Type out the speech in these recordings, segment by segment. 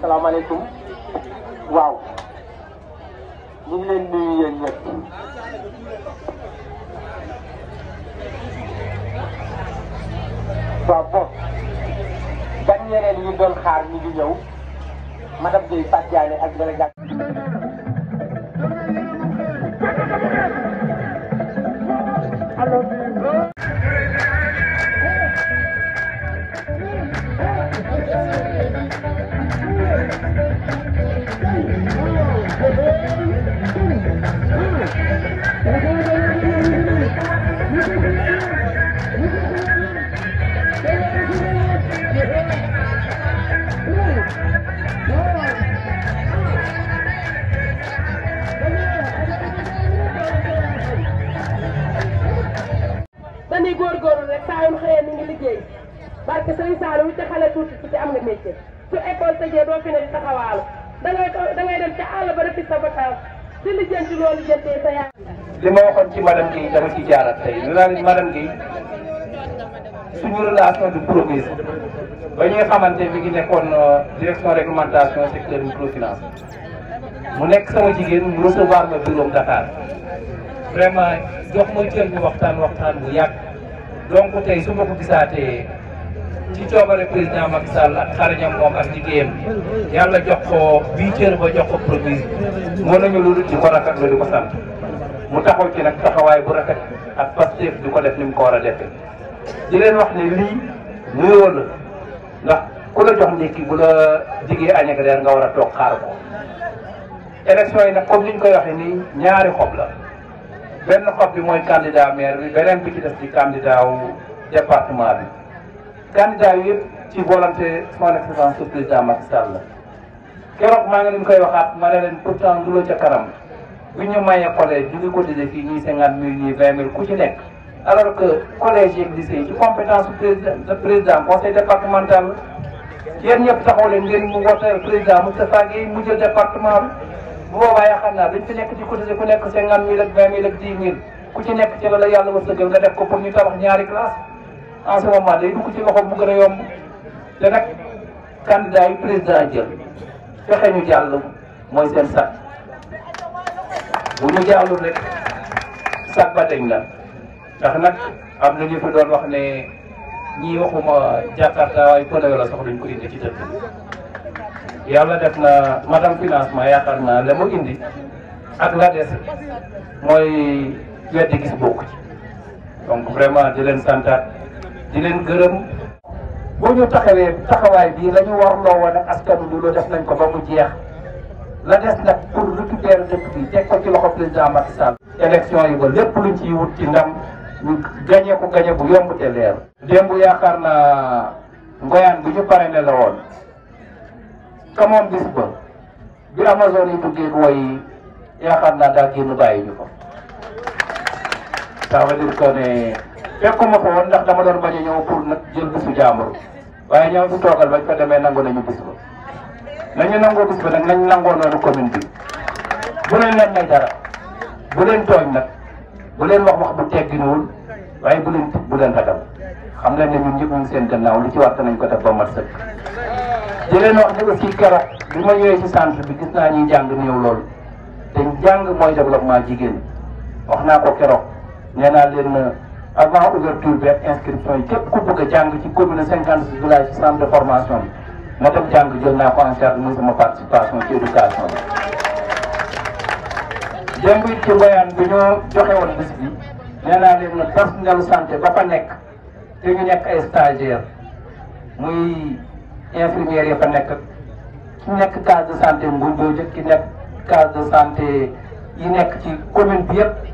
salaamaaleykum waaw ñu ngi leen nuyu yéen ñëpp waaw bon gan ñeneen ñi doon xaar ñu ngi ñëw madame barke Sëriñ Saliou ci xale tuuti ci am nga métier su école tëjee doo fi ne di taxawaalu da ngay da ngay dem ca àll ba defi sa vacances di lijjanti loolu jëndee sa yaa. li ma waxoon ci madame Guèye dama ci jaarat tey li naa leen madame Guèye suñu relation de promesse ba ñuy xamante mi ngi nekkoon euh, direction réglementation secteur microfinance mu nekk sama jigéen mu recevoir ma bureau Dakar vraiment jox ma jël ñu waxtaan waxtaan bu yàgg donc tey su ma ko gisaatee. ci coobare président Macky Sall ak xarañam moom ak liggéeyam yàlla jox ko bii cër ba jox ko produit moo nañu lu dul di ko rafetlu di ko sant mu taxaw ci nag taxawaay bu rafet ak Pastef di ko def ni mu ko war a defee. di leen wax ni lii nuyoo la ndax ku la jox ndékki bu la jigee añ ak reer nga war a toog xaar ko élection yi nag comme liñ koy waxee nii ñaari xob la benn xob bi mooy candidat maire bi beneen bi ci def ci candidat wu département bi. candidat yi yëpp ci volonté son excellence le président Macky Sall la keroog maa ngi leen koy waxaat ma ne leen pourtant lu la ca kanam bu ñu mayee collège ñu ngi ko dese fii ñuy cinquante mille ñuy vingt ku ci nekk alors que collège yeeg di yi ci compétence président président conseil départemental yéen ñëpp taxaw leen ngeen mu wote président Moustapha Guèye mu jël département bi bu boobaa yaakaar naa dañ fi nekk ci cotisé ku nekk cinquante mille ak ku nekk ci la la yàlla wërsëgal nga def ko ñu tabax ñaari classe en ce ma day dugg ci loxo yomb te nag candidat yi président jël fexe ñu jàll mooy seen sat bu ñu jàllul rek sat ba dañ la ndax nag am na ñu fi doon wax ne ñii waxuma Jakarta waaye pëne la soxla ñu ko indi ci dëkk yàlla def na madame financement yaakaar naa la mu indi ak la des mooy weddi gis bokk ci donc vraiment di leen santaat di leen gërëm bu ñu taxawee taxawaay bii la ñu warloo woon ak askanu lu nañ ko ba mu jeex la des nag pour récupérer dëkk bi teg ko ci loxo président Macky Sall. élection yi ba lépp lu ciy wut ci ndam ñu gañe ko gañe bu yomb te leer. démb yaakaar naa ngoyaan bi ñu pare ne la woon ka moom bis ba bi Amazone yi duggee ko way yaakaar naa daa génn bàyyi ñu ko. ça veut fekkuma ko woon ndax dama doon bañ a ñëw pour nag jël bisu jàmbur waaye ñoom fi toogal bañ fa demee nangu nañu bis ba nañu nangoo bis ba nag nañ nangoo noonu commune bi bu leen leen may dara bu leen tooñ nag bu leen wax wax bu tegginuwul waaye bu leen bu leen ragal xam leen ne ñun ñëpp ñu ngi seen li ci warta nañ ko def ba mat sëkk. di leen wax ne aussi keroog bi ma ñëwee ci centre bi gis naa ñuy jàng néew loolu te jàng mooy développement jigéen wax naa ko keroog avant ouverture bi ak inscription yi képp ku bëgg a jàng ci commune cinquante six village ci centre de formation bi na dem jàng jël na ko en charge muy sama participation ci éducation bi démb it ci mboyaan bi ñoo joxe woon bis bi naa leen na personnel santé ba fa nekk te ñu nekk ay stagiaire muy infirmières yi fa nekk ki nekk case de santé mbuñ boo ki nekk case de santé yi nekk ci commune bi yëpp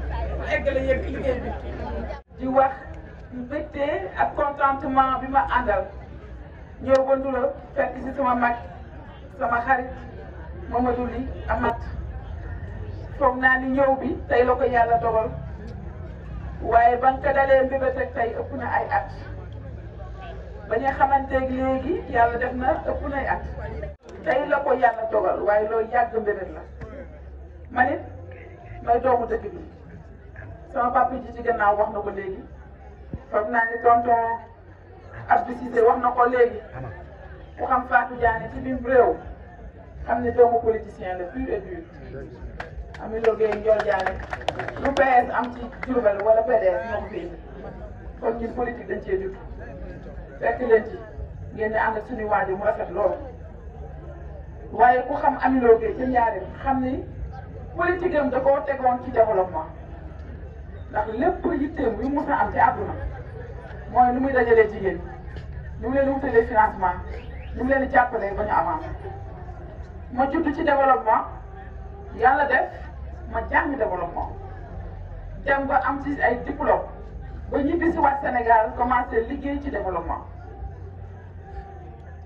ñu eggale yëg liggéey bi di wax mbégte ak contentement bi ma àndal ñëw ba Ndoulo fekk si sama mag sama xarit ma Ly Amath foog naa ni ñëw bi tey la ko yàlla dogal waaye ban ka dalee mbébét ak tey ëpp na ay at ba ñu xamanteeg léegi yàlla def na ëpp nay at tey la ko yàlla dogal waaye loolu yàgg mbébét la man it may doomu dëkk bi sama papa ji ci gannaaw wax na ko léegi foog naa ne tonton Abdou wax na ko léegi ku xam Fatou Diané ci biir réew xam ne doomu politicien la pur et dur am na loolu yëpp Ndiol Diané lu PS am ci Diourbel wala PDS ñoo ko fi indi kon ñun politique dañ cee jub fekk leen ci ngeen di ànd ak suñu waajur mu rafet lool waaye ku xam Ami Logé ca Njaaréem xam ni politique am da koo tegoon ci développement. ndax lépp yitteem yu mu sa am ci àdduna mooy nu muy dajalee jigéen ñu mu leen wutalee financement ñu mu leen jàppalee ba ñu avancé ma judd ci développement yàlla def ma jàng développement dem ba am ci ay diplôme ba ñibbi si waat Sénégal commencé liggéey ci développement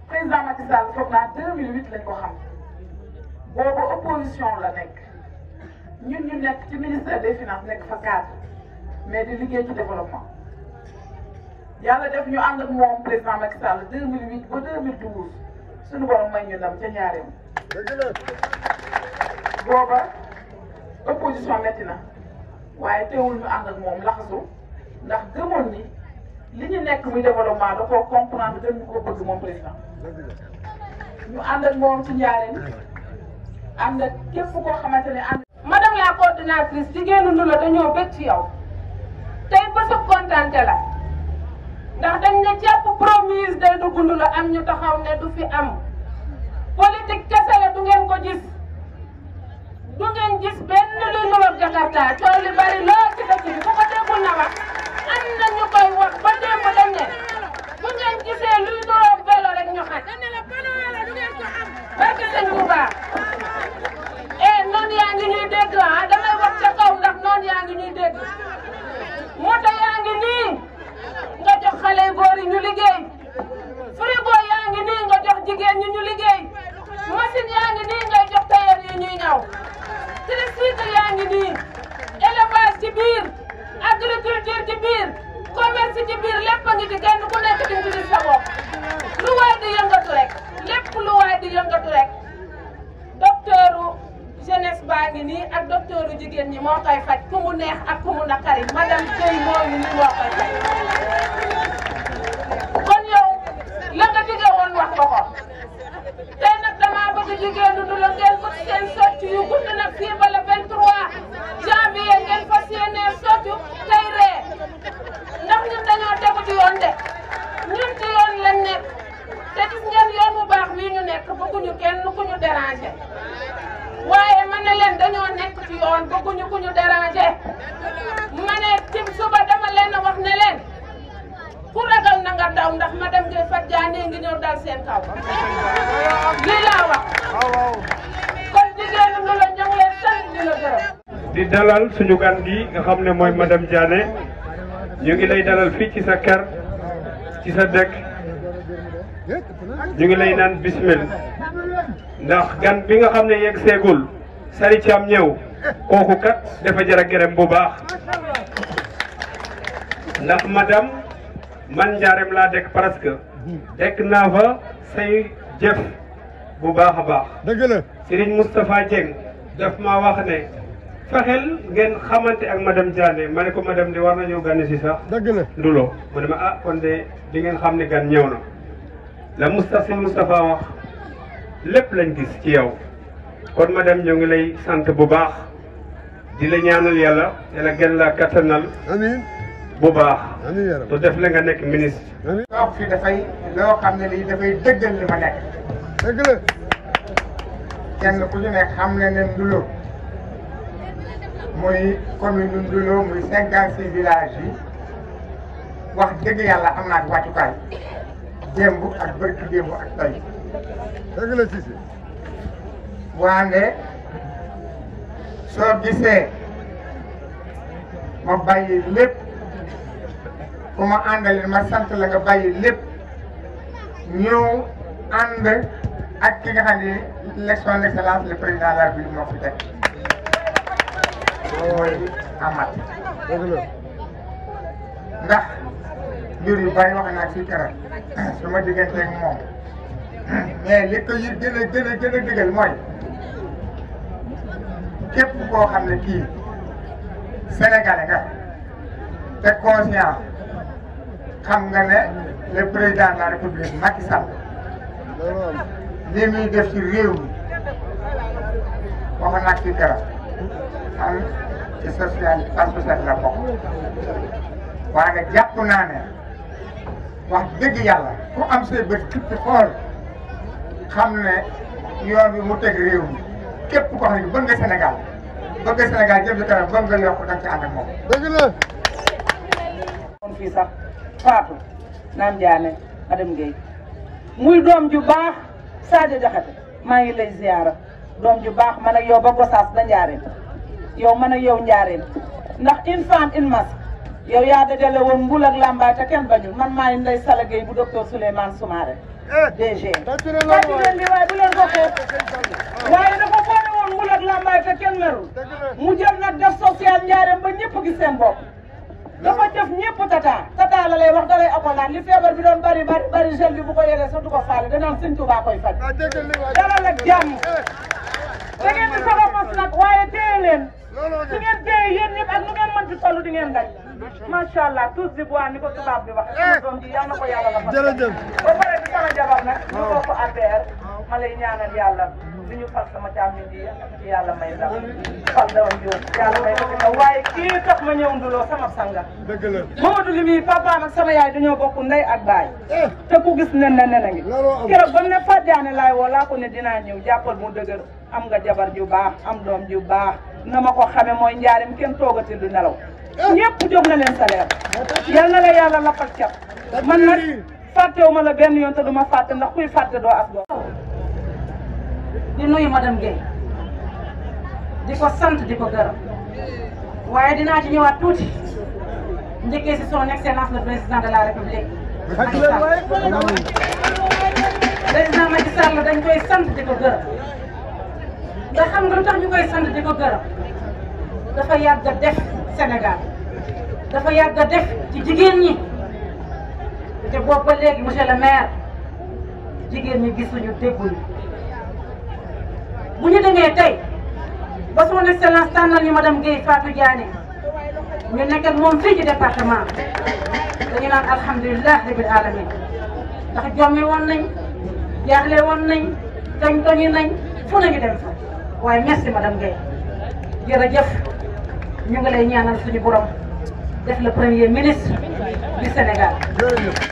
président Macky Sall foog naa 2008 lañ ko xam boobu opposition la nekk ñun ñu nekk ci ministère des finances nekk fa cadre mais di liggéey ci développement yàlla def ñu ànd ak moom président Macky Sall 2008 ba 2012 suñu borom may ñu ndam ca ñaareem. booba opposition metti na waaye teewul ñu ànd ak moom laxasu ndax gëmoon ni li ñu nekk muy développement o koo comprendre gën ñu ko bëgg moom président ñu ànd ak moom ci njaareem ànd ak képp koo xamante ne ànd. madame la coordinatrice jigéenu nu la dañoo bëgg ci yow. tey bésub kontante la ndax dañ ne jàpp promis koy faj ku mu neex ak ku mu naqari madame Guèye kon yow la nga digge woon wax ko ko tey nag damaa bëgg jigéen dundu la ngeen ko seen yu gudd nag fii ba le 23 ngeen fas yéenee sotti tey ree ndax ñun dañoo tegu ci yoon de ñun ci yoon lañ nekk te gis ngeen yoon bu baax bii ñu nekk bëgguñu kenn ku ñu déranger. Nek ci yoon bëgguñu déranger tim suba dama leen a wax ne leen ku ragal na nga daw ndax ma dem ngi dal seen kaw di la di dalal suñu gan gi nga xamne moy madame Diané ñu ngi lay dalal fi ci sa kër ci sa ñu ngi lay bismillah ndax gan bi nga xamne yegg ségul Sary Thiam ñëw kooku kat dafa jar a gërëm bu baax ndax madam man njaareem laa dekk parce que dëkk naa fa say jëf bu baax a baax. dëgg la Serigne Moustapha Dieng daf maa wax ne fexeel ngeen xamante ak madame Diané ma ne ko madame de war nañoo gane si sax. dëgg la Ndulo mu ne ma ah kon de di ngeen xam ne gan ñëw na la Moustapha Moustapha wax lépp lañ gis ci yow. kon madame ñu ngi lay sante bu baax di la ñaanal yalla yàlla gën la katanal amin bu baax amin yaram to def la nga nek ministre amin loo fi da fay lo xamne li da fay deggal li ma nek dëgg la kenn ku ñu nek xamne ne Ndulo moy commune Ndulo moy 56 village yi wax yalla amna am waccu wàccukaay dembu ak barki dembu ak tay dëgg la ci ci waande soo gisee ma bàyyi lépp ku ma àndale ma sant la nga bàyyi lépp ñëw ànd ak ki nga xam ne l'élection d'excellence le président de la République moo fi teg mooy amat ndax jur yu bari wax naa ci keroog su ma digganteeg moom mais li ko yi gën a gën a gën mooy képp koo xam ne kii sénégalais nga te conscient xam nga ne le président de la république Macky Sall muy def ci réew mi waxoon naa ci keroog ci social entreprise la bokk waaye jàpp naa ne wax dëgg yàlla ku am say bët képp xool xam ne yoon bi mu teg réew mi. képp koo xam ne bëgg nga Sénégal bëgg nga Sénégal jëm ci bëgg nga yokk da nga ci ànd ak moom. dëgg la. kon fii sax Fatou Naan Diané madame Guèye muy doom ju baax Sadio Diakhaté maa ngi lay ziara doom ju baax man ak yow ba Gosaas ba Ndiarène yow man ak yow Ndiarène ndax une femme une masque yow yaa dajale woon mbul ak làmbaay te kenn bañul man maa ngi lay salagéey bu docteur Souleymane Soumaré. DG. leen di waaye bu leen ko xeeb waaye dafa boole woon mbul ak làmbaay te kenn merul mu jël nag def social njaareem ba ñëpp gis seen bopp dafa def ñëpp tata tata la lay wax da lay amoon li feebar bi doon bari bari bari gel bi bu ko yoree sax du ko faale danaan sëñ Tuubaa koy faj dalal ak jàmm da ngeen di soxla mos nag waaye téye leen su ngeen téye yéen ñëpp ak nu ngeen mën di toll di ngeen daj macha allah tous di bois ni ko tubaab bi wax doom ji yal na ko yàlla la fa sama jabar nag ñu bokk affaire ma lay ñaanal yàlla li ñu fal sama càmm di yàlla may ndam fal dawam jóg yàlla may ko ci waaye kii tax ma ñëw nduloo sama sanga dëgg la Mamadou li muy papaam ak sama yaay dañoo bokk ndey ak baay eh. te ku gis nen na nen a ngi keroog ba ne fàddaane laay woo laa ko ne dinaa ñëw jàppal mu dëgër am nga jabar ju baax am doom ju baax na ma ko xame mooy njaarim kenn toogatil du nelaw eh. ñëpp jox na leen salaire yal na la yàlla lappal fàttewuma la benn yoon te du ma fàtte ndax kuy fàtte doo as doo di nuyu madame Guèye di ko sant di ko gërëm waaye dinaa ci ñëwaat tuuti njëkkee si son excellence le président de la république Macky Sall président Macky Sall dañ koy sant di ko gërëm nga xam nga lu tax ñu koy sant di ko gërëm dafa yàgg def Sénégal dafa yàgg def ci jigéen ñi te boobu ba léegi monsieur le maire jigéen ñu gisuñu dégguñu bu ñu demee tey ba son excellence tànnal ñu madame Guèye faatu Diané ñu nekk ak moom fii ci département dañu naan alhamdulilah rabil alamin ndax jommi woon nañ jaaxle woon nañ toñ toñi nañ fu nañu dem fa waaye merci madame Guèye jërëjëf ñu ngi lay ñaanal suñu borom def le premier ministre du Sénégal